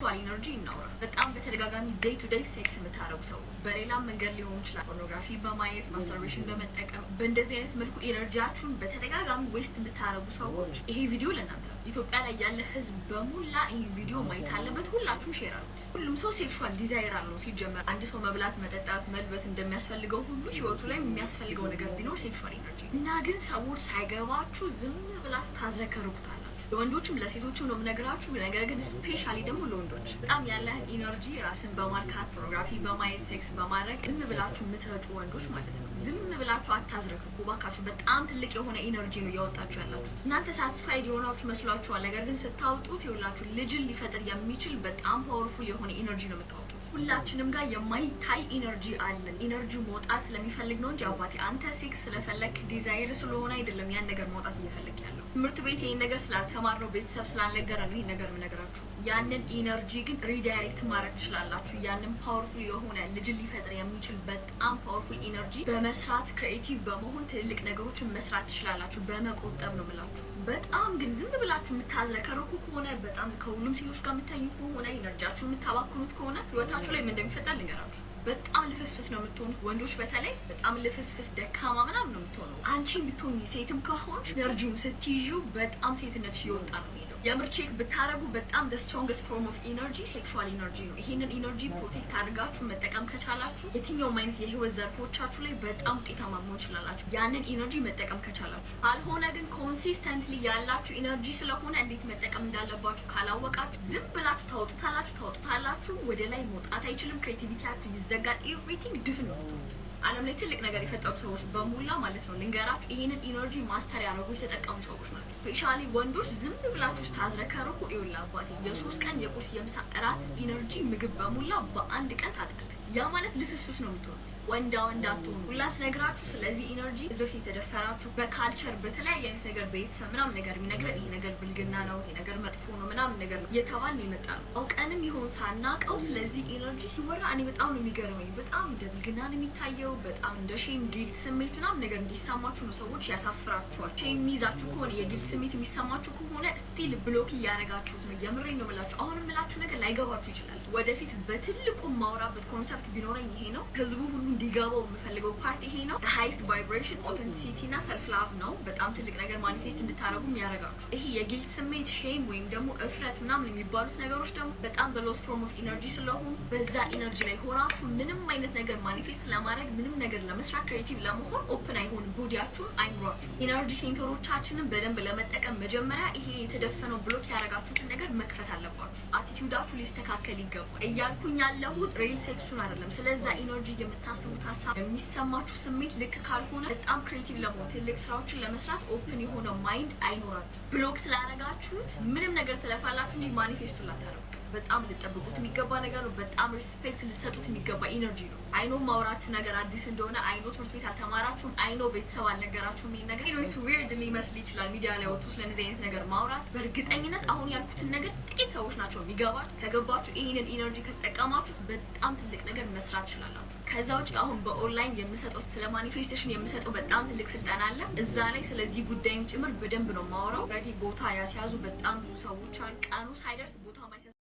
ሴክሱዋል ኢነርጂ እናውራ። በጣም በተደጋጋሚ ዴይ ቱ ዴይ ሴክስ የምታደረጉ ሰዎች በሌላ መንገድ ሊሆን ይችላል፣ ፖርኖግራፊ በማየት ማስተርቤሽን በመጠቀም በእንደዚህ አይነት መልኩ ኢነርጂያችሁን በተደጋጋሚ ዌስት የምታደረጉ ሰዎች ይሄ ቪዲዮ ለእናንተ ነው። ኢትዮጵያ ላይ ያለ ህዝብ በሙላ ይህ ቪዲዮ ማየት አለበት። ሁላችሁም ሼር አሉት። ሁሉም ሰው ሴክሹዋል ዲዛይር አለው። ሲጀመር አንድ ሰው መብላት፣ መጠጣት፣ መልበስ እንደሚያስፈልገው ሁሉ ህይወቱ ላይ የሚያስፈልገው ነገር ቢኖር ሴክሹዋል ኢነርጂ እና ግን ሰዎች ሳይገባችሁ ዝም ብላችሁ ታዝረከርኩታል። ለወንዶችም ለሴቶችም ነው የምነግራችሁ። ነገር ግን ስፔሻሊ ደግሞ ለወንዶች በጣም ያለህን ኢነርጂ ራስን በማርካት ፖሮግራፊ በማየት ሴክስ በማድረግ እም ብላችሁ የምትረጩ ወንዶች ማለት ነው። ዝም ብላችሁ አታዝረክኩ ባካችሁ። በጣም ትልቅ የሆነ ኢነርጂ ነው እያወጣችሁ ያላችሁ። እናንተ ሳትስፋይድ የሆናችሁ መስሏችኋል። ነገር ግን ስታውጡት የሁላችሁ ልጅን ሊፈጥር የሚችል በጣም ፓወርፉል የሆነ ኢነርጂ ነው የምታወጡት። ሁላችንም ጋር የማይታይ ኢነርጂ አለን። ኢነርጂ መውጣት ስለሚፈልግ ነው እንጂ አባቴ አንተ ሴክስ ስለፈለግ ዲዛይር ስለሆነ አይደለም ያን ነገር መውጣት እየፈለግ ያለው ትምህርት ቤት ይህን ነገር ስላልተማርነው ቤተሰብ ስላልነገረ ነው ይህን ነገር የምነግራችሁ። ያንን ኢነርጂ ግን ሪዳይሬክት ማድረግ ትችላላችሁ። ያንን ፓወርፉል የሆነ ልጅ ሊፈጥር የሚችል በጣም ፓወርፉል ኢነርጂ በመስራት ክሪኤቲቭ በመሆን ትልልቅ ነገሮችን መስራት ትችላላችሁ። በመቆጠብ ነው ምላችሁ በጣም ግን ዝም ብላችሁ የምታዝረከረኩ ከሆነ በጣም ከሁሉም ሴቶች ጋር የምታዩ ከሆነ ኢነርጂያችሁ የምታባክኑት ከሆነ ህይወታችሁ ላይ ምን እንደሚፈጠር ልንገራችሁ። በጣም ልፍስፍስ ነው የምትሆኑት። ወንዶች በተለይ በጣም ልፍስፍስ፣ ደካማ ምናምን ነው የምትሆነው። አንቺ ብትሆኚ ሴትም ከሆንሽ ኢነርጂውን ስትይዢው በጣም ሴትነት እየወጣ ነው የሚሄደው። የምር ቼክ ብታደርጉ በጣም ደ ስትሮንግስት ፎርም ኦፍ ኢነርጂ ሴክሹዋል ኢነርጂ ነው። ይሄንን ኢነርጂ ፕሮቴክት አድርጋችሁ መጠቀም ከቻላችሁ የትኛውም አይነት የህይወት ዘርፎቻችሁ ላይ በጣም ውጤታማ መሆን ይችላላችሁ፣ ያንን ኢነርጂ መጠቀም ከቻላችሁ። ካልሆነ ግን ኮንሲስተንትሊ ያላችሁ ኢነርጂ ስለሆነ እንዴት መጠቀም እንዳለባችሁ ካላወቃችሁ ዝም ብላችሁ ታወጡታላችሁ ታወጡታላችሁ። ወደ ላይ መውጣት አይችልም። ክሬቲቪቲያችሁ ይዘጋል። ኤቭሪቲንግ ድፍ ነው። አለም ላይ ትልቅ ነገር የፈጠሩ ሰዎች በሙላ ማለት ነው ልንገራችሁ፣ ይህንን ኢነርጂ ማስተር ያደረጉ የተጠቀሙ ሰዎች ናቸው። ስፔሻሊ ወንዶች ዝም ብላችሁ ስታዝረከርኩ ይውላ አባቴ የሶስት ቀን የቁርስ የምሳ እራት ኢነርጂ ምግብ በሙላ በአንድ ቀን ታጣለ። ያ ማለት ልፍስፍስ ነው የምትሆኑት ወንዳ ወንዳ ትሆኑ ሁላ ስነግራችሁ ስለዚህ ኢነርጂ ህዝብ በፊት የተደፈራችሁ በካልቸር በተለያየ አይነት ነገር ቤተሰብ ምናምን ነገር የሚነግረን ይሄ ነገር ብልግና ነው፣ ይሄ ነገር መጥፎ ነው ምናምን ነገር ነው እየተባልን የመጣ ነው። አውቀንም ይሆን ሳናቀው ስለዚህ ኢነርጂ ሲወራ እኔ በጣም ነው የሚገርመኝ። በጣም እንደ ብልግና ነው የሚታየው። በጣም እንደ ሼም ጊልት ስሜት ምናምን ነገር እንዲሰማችሁ ነው ሰዎች ያሳፍራችኋል። ሼም የሚይዛችሁ ከሆነ የጊልት ስሜት የሚሰማችሁ ከሆነ ስቲል ብሎክ እያደረጋችሁት ነው። የምሬ ነው ምላችሁ። አሁን ምላችሁ ነገር ላይገባችሁ ይችላል። ወደፊት በትልቁ ማውራበት ኮንሰፕት ቢኖረኝ ይሄ ነው ህዝቡ ሁሉ እንዲገባው የምፈልገው ፓርት ይሄ ነው። ሃይስት ቫይብሬሽን ኦተንቲሲቲ እና ሰልፍ ላቭ ነው። በጣም ትልቅ ነገር ማኒፌስት እንድታደረጉ የሚያደርጋችሁ ይሄ የጊልት ስሜት ሼም፣ ወይም ደግሞ እፍረት ምናምን የሚባሉት ነገሮች ደግሞ በጣም በሎስ ፎርም ኦፍ ኢነርጂ ስለሆኑ በዛ ኢነርጂ ላይ ሆናችሁ ምንም አይነት ነገር ማኒፌስት ለማድረግ ምንም ነገር ለመስራት ክሬቲቭ ለመሆን ኦፕን አይሆንም። ቦዲያችሁን፣ አይምሯችሁ፣ ኢነርጂ ሴንተሮቻችንን በደንብ ለመጠቀም መጀመሪያ ይሄ የተደፈነው ብሎክ ያደረጋችሁትን ነገር መክፈት አለባችሁ። አቲቲዩዳችሁ ሊስተካከል ይገባል እያልኩኝ ያለሁት ሬል ሴክሱን አይደለም። ስለዛ ኢነርጂ የምታስ የራሳችሁን ሀሳብ የሚሰማችሁ ስሜት ልክ ካልሆነ በጣም ክሬቲቭ ለመሆን ትልቅ ስራዎችን ለመስራት ኦፕን የሆነ ማይንድ አይኖራችሁ። ብሎክ ስላደረጋችሁት ምንም ነገር ትለፋላችሁ እንጂ ማኒፌስቱ ላታረጉ በጣም ልጠብቁት የሚገባ ነገር ነው። በጣም ሪስፔክት ልትሰጡት የሚገባ ኢነርጂ ነው። አይኖ ማውራችሁ ነገር አዲስ እንደሆነ አይኖ ትምህርት ቤት አልተማራችሁም፣ አይኖ ቤተሰብ አልነገራችሁም። ይሄን ነገር ኢኖስ ዊርድ ሊመስል ይችላል ሚዲያ ላይ ወጡ ስለዚህ አይነት ነገር ማውራት። በእርግጠኝነት አሁን ያልኩትን ነገር ጥቂት ሰዎች ናቸው የሚገባል። ከገባችሁ ይህንን ኢነርጂ ከተጠቀማችሁት በጣም ትልቅ ነገር መስራት ይችላላችሁ። ከዛ ውጭ አሁን በኦንላይን የምሰጠው ስለ ማኒፌስቴሽን የምሰጠው በጣም ትልቅ ስልጠና አለ። እዛ ላይ ስለዚህ ጉዳይም ጭምር በደንብ ነው ማውራው። ረዲ ቦታ ያስያዙ በጣም ብዙ ሰዎች አሉ። ቀኑ ሳይደርስ ቦታ